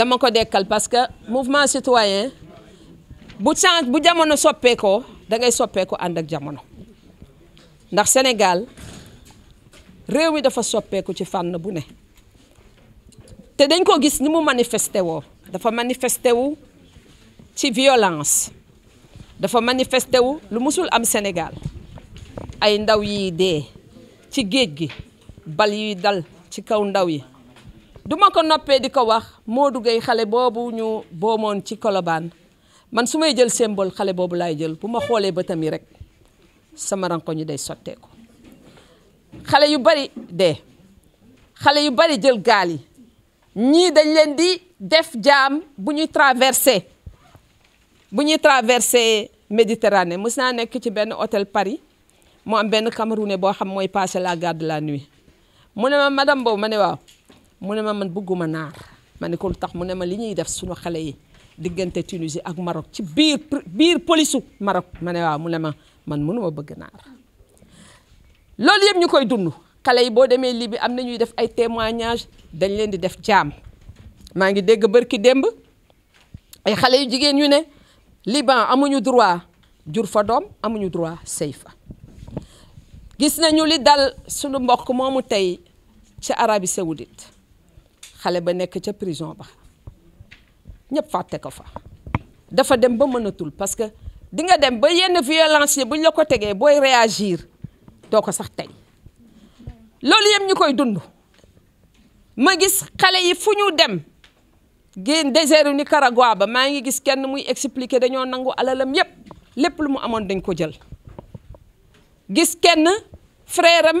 dama ko parce que mouvement citoyen bu change bu jamono ko da ngay ko and ak jamono ndax Sénégal réew mi dafa peu ci de bu né dañ ko violence dafa manifester wu lu musul am Sénégal ay ndaw yi dé ci gi bal dal du ma ko noppee di ko wax Modou Gueye xale boobu ñu boomoon ci kolobaan man su may jël symbole xale boobu laay jël bu ma xoolee bëtam yi rek sama ranko ñu day sotteeku xale yu bari de xale yu bari jël gaal yi ñii dañ leen di def jaam bu ñuy traverse bu ñuy traversé Méditerranée mës saa nekk ci benn hôtel Paris mu am benn Camerounais boo xam mooy passé la garde la nuit mu ne ma madame boobu ma ne waaw mu ne ma man bëgguma naar ma ne ko lu tax mu ne ma li ñuy def suñu xale yi diggante Tunisie ak Maroc ci biir polisu Maroc ma ne waaw mu ne ma man mënuma bëgg naar loolu yëpp ñu koy dund xale yi boo demee bi am na ñuy def ay témoignages dañ leen di def jaam maa ngi dégg bërki démb ay xale yu jigéen ñu ne Liban amuñu droit jur fa doom amuñu droit sëy fa gis nañu li dal suñu mbokk moomu tey ci Arabie Saoudite xalé ba nek ci prison ba ñep faté ko fa dafa dem ba mënatul parce que di nga dem ba yenn violence buñ la ko tegee boy réagir doo ko sax tey loolu yëm ñukoy koy dund ma gis xalé yi fuñu ñu dem génn désert caragua ba ma ngi gis kenn muy expliquer dañoo nangu alalam yépp lépp lu mu amoon dañ ko jël gis kenn frère am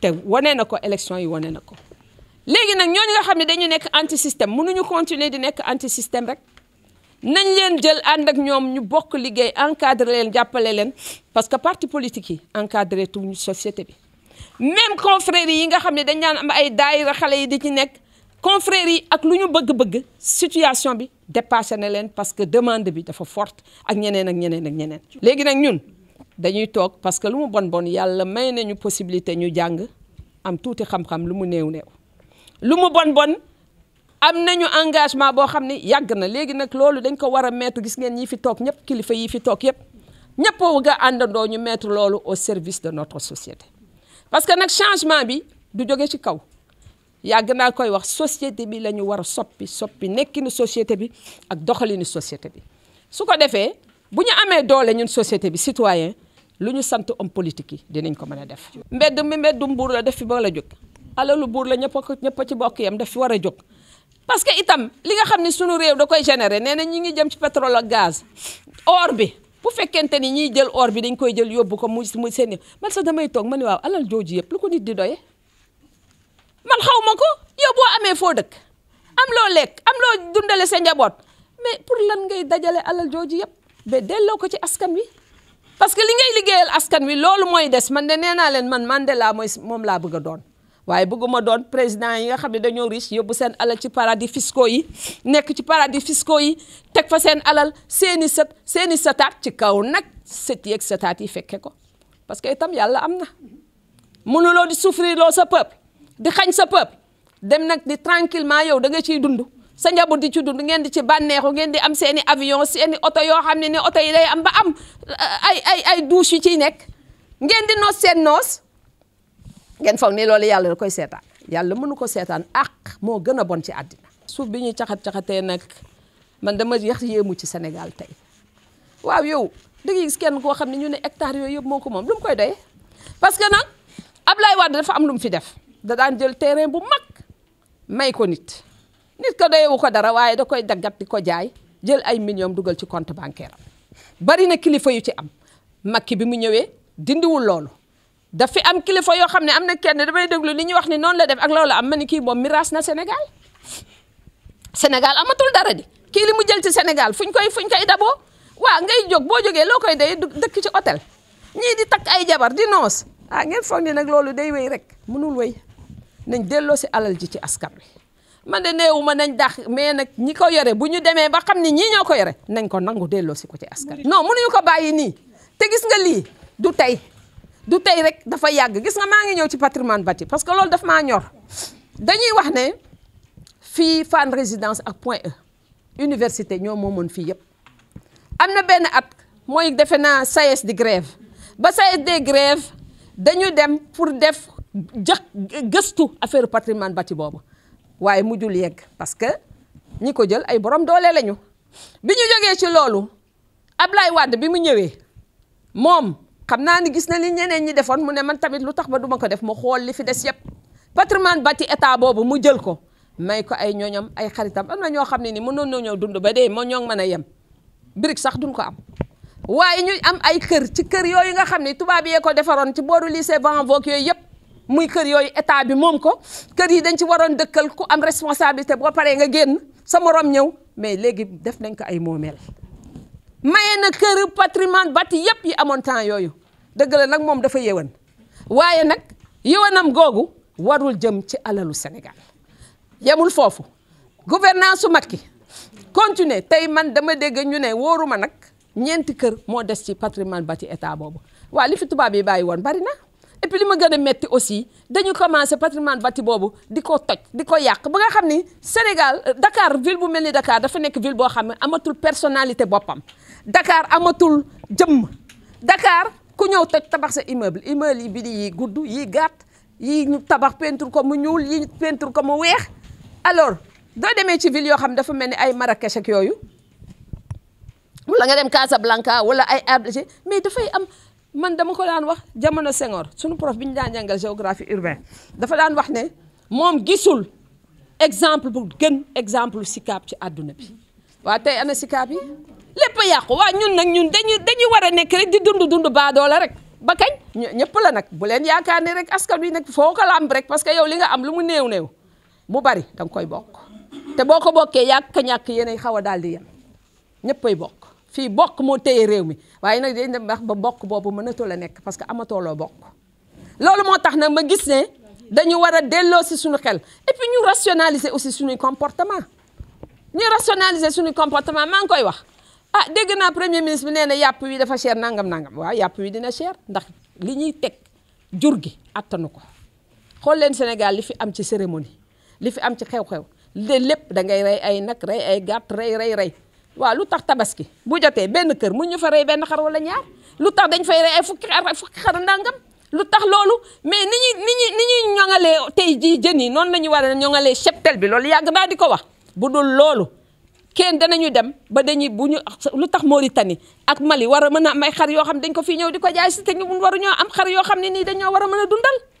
te wane na ko élection yi wane na ko léegi nag ñooñu nga xam ne dañu nekk anti système mënuñu continuer di nekk anti système rek nañ leen jël ànd ak ñoom ñu bokk liggéey encadre leen jàppale leen parce que parti politique yi encadré tuñu société bi même confrères yi nga xam ne dañ naan am ay daayira xale yi di ci nekk confrères yi ak lu ñu bëgg-bëgg situation bi dépassé na leen parce que demande bi dafa forte ak ñeneen ak ñeneen ak ñeneen léegi nag ñun dañuy toog parce que lu mu bon bon yàlla may nañu possibilité ñu jàng am tuuti xam-xam lu mu néew néew lu mu bon bon am nañu engagement boo xam ne yàgg na léegi nag loolu dañ ko war a mettre gis ngeen ñi fi toog ñëpp kilifa yi fi toog yëpp ñëpp nga àndandoo ñu mettre loolu au service de notre société parce que nag changement bi du jóge ci kaw yàgg naa koy wax société bi la ñu war a soppi soppi nekkinu société bi ak doxalinu société bi su ko defee bu ñu amee doole ñun société bi citoyen lu ñu sant om politique yi dinañ ko mën a def. mbedd mi mbeddum mbuur la def fi ba la jóg alalu buur la ñëpp a ñëpp a ci bokk yam daf fi war a jóg parce que itam li nga xam ne sunu réew da koy générer nee nañ ñi ngi jëm ci pétrole ak gaz or bi. bu fekkente ni ñiy jël or bi dañ koy jël yóbbu ko mu mu seen man sax damay toog ma ne waaw alal jooju yëpp lu ko nit di doye man xaw ma ko yow boo amee foo dëkk am loo lekk am loo dundale sa njaboot mais pour lan ngay dajale alal jooju yëpp ba delloo ko ci askan wi. parce que li ngay liggéeyal askan wi loolu mooy des man de nee naa leen man Mandela mooy moom laa bëgg doon waaye bëgguma doon président yi nga xam ne dañoo riche yóbbu seen alal ci paradis fiscaux yi nekk ci paradis fiscaux yi teg fa seen alal seeni sët seeni sataat ci kaw nag sët yeeg sataat yi fekke ko parce que itam yàlla am na loo di souffrir loo sa peuple di xañ sa peuple dem nag di tranquillement yow da nga ciy dund sa njaboot di ci dund ngeen di ci bànneexu ngeen di am seeni i seeni oto yoo xam ne ni oto yi day am ba am eh, ay ay ay douche yu ciy nekk ngeen di noos seen noos ngeen foog ni loolu yàlla da koy seetaan yàlla mënu ko seetaan ak moo gën a bon ci àddina suuf bi ñuy caxat-caxatee nag man dama yax yéemu ci Sénégal tey waaw yow da ngay gis kenn koo xam ne ñu ne hectare yooyu yëpp moo ko moom lu mu koy doyee parce que nag Ablaye Wade dafa am lu mu fi def da jël terrain bu mag may ko nit nit ko doyewu ko dara waaye da koy daggat di ko jaay jël ay millions dugal ci compte bancaire am bari na kilifa yu ci am makki bi mu ñëwee dindiwul loolu dafi am kilifa yoo xam ne am na kenn damay déglu li ñuy wax ni noonu la def ak loolu am ma ni kii moom miraas na senegal Sénégal amatul dara di kii li mu jël ci Sénégal fuñ koy fuñ koy daboo waa ngay jóg boo jógee loo koy day dëkk ci otel ñii di takk ay jabar di noos ah ngeen foog ni loolu day wéy rek mënul wéy nañ delloo si alal ji ci askan wi man de néewu ma nañ dàq mais nag ñi ko yore bu ñu demee ba xam ni ñii ñoo ko yore nañ ko nangu delloo si ko ci askan non mënuñu ko bàyyi nii te gis nga lii du tey du tey rek dafa yàgg gis nga maa ngi ñëw ci patrimoine bâti parce que loolu daf maa ñor dañuy wax ne fii Fann Résidence ak Point E université ñoo moomoon fii yëpp am na benn at mooy defe naa SAES e di grève ba SAES de grève dañu dem pour def jë gëstu affaire patrimoine bâti boobu waaye mu jul yegg parce que ñi ko jël ay borom doole lañu bi ñu jógee ci loolu ab Ablaye Wade bi mu ñëwee moom xam naa ni gis na li ñeneen ñi defoon mu ne man tamit lu tax ba duma ko def mu xool li fi des yëpp patrimoine bâti état boobu mu jël ko may ko ay ñooñam ay xaritam am na ñoo xam ne ni mënoon na ñëw dund ba dee moo ñoo mën a yem brique sax duñ ko am waaye ñu am ay kër ci kër yooyu nga xam ne tubaab yee ko defaroon ci booru lycée Van Vogue yooyu yëpp muy kër yooyu état bi moom ko kër yi dañ ci waroon dëkkal ko am responsabilité boo paree nga génn sa moroom ñëw mais léegi def nañ ko ay moomeel. maye na kër patrimoine bâti yëpp yi amoon temps yooyu dëgg la nag moom dafa yewan waaye nag yewanam googu warul jëm ci alalu Sénégal yemul foofu gouvernance su Macky continuer tey man dama dégg ñu ne ma nag ñeenti kër moo des ci patrimoine bâti état boobu waa li fi tubaab yi bàyyi woon bari na. et puis li ma metti aussi dañu commencé patrimoine bâti boobu le Sénégal euh, Dakar ville bu Dakar dafa nekk ville amatul personnalité Dakar amatul jam. Dakar ku ñëw toj tabax ces immeuble immeuble yi bi di gudd yi gàtt yi ñu tabax peinture comme comme alors ci ville il Marrakech Casablanca mais am man dama ko daan wax jamono sengor suñu prof bi ñu daan jàngal géographie urbaine dafa daan wax ne moom gisul exemple bu gën exemple sikaab ci àdduna bi waa tey ana sikaab yi lépp yàqu waa ñun nag ñun dañuy dañuy war a nekk rek di dundu dund baadoola rek ba kañ ñëpp la nag bu leen yaakaar ne rek askan wi nag foo ko làmb rek parce que yow li nga am lu mu néew néew mu bari da koy bokk te boo ko bokkee yàq ñàkk yéenay xaw a daal di yem ñëppay bokk fi bok mo tey réew mi waaye nag dañ dem wax ba bokk boobu mënatoo la nekk parce que amato lo bok lolou moo tax nag ma gis ne dañu wara a ci si suñu xel et puis ñu rationaliser aussi suñuy comportement ñu rationaliser suñuy comportement mang koy wax ah dégg na premier ministre bi nee na wi dafa cher nangam nangam wa yàpp wi dina cher ndax li ñi tek jur gi attanu ko xool leen Sénégal li fi am ci cérémonie li fi am ci xew-xew de lépp da ngay ray ay nak ray ay gàtt ray ray ray waaw lu tax tabaski bu jotee benn kër mu ñu fa rey benn xar wala ñaar lu tax dañ fay rey ay fukki xar fukki xar ndàngam lu tax loolu mais ni ñuy ni ñuy ni ñuy tey jii jën yi noonu la ñu war a ñoŋalee cheptel bi loolu yàgg naa di ko wax bu dul loolu kenn danañu dem ba dañuy bu ñu lu tax Mauritanie ak Mali war a mën a am ay xar yoo xam dañ ko fi ñëw di ko jaay si te ñu waruñoo am xar yoo xam ne nii dañoo war a mën a dundal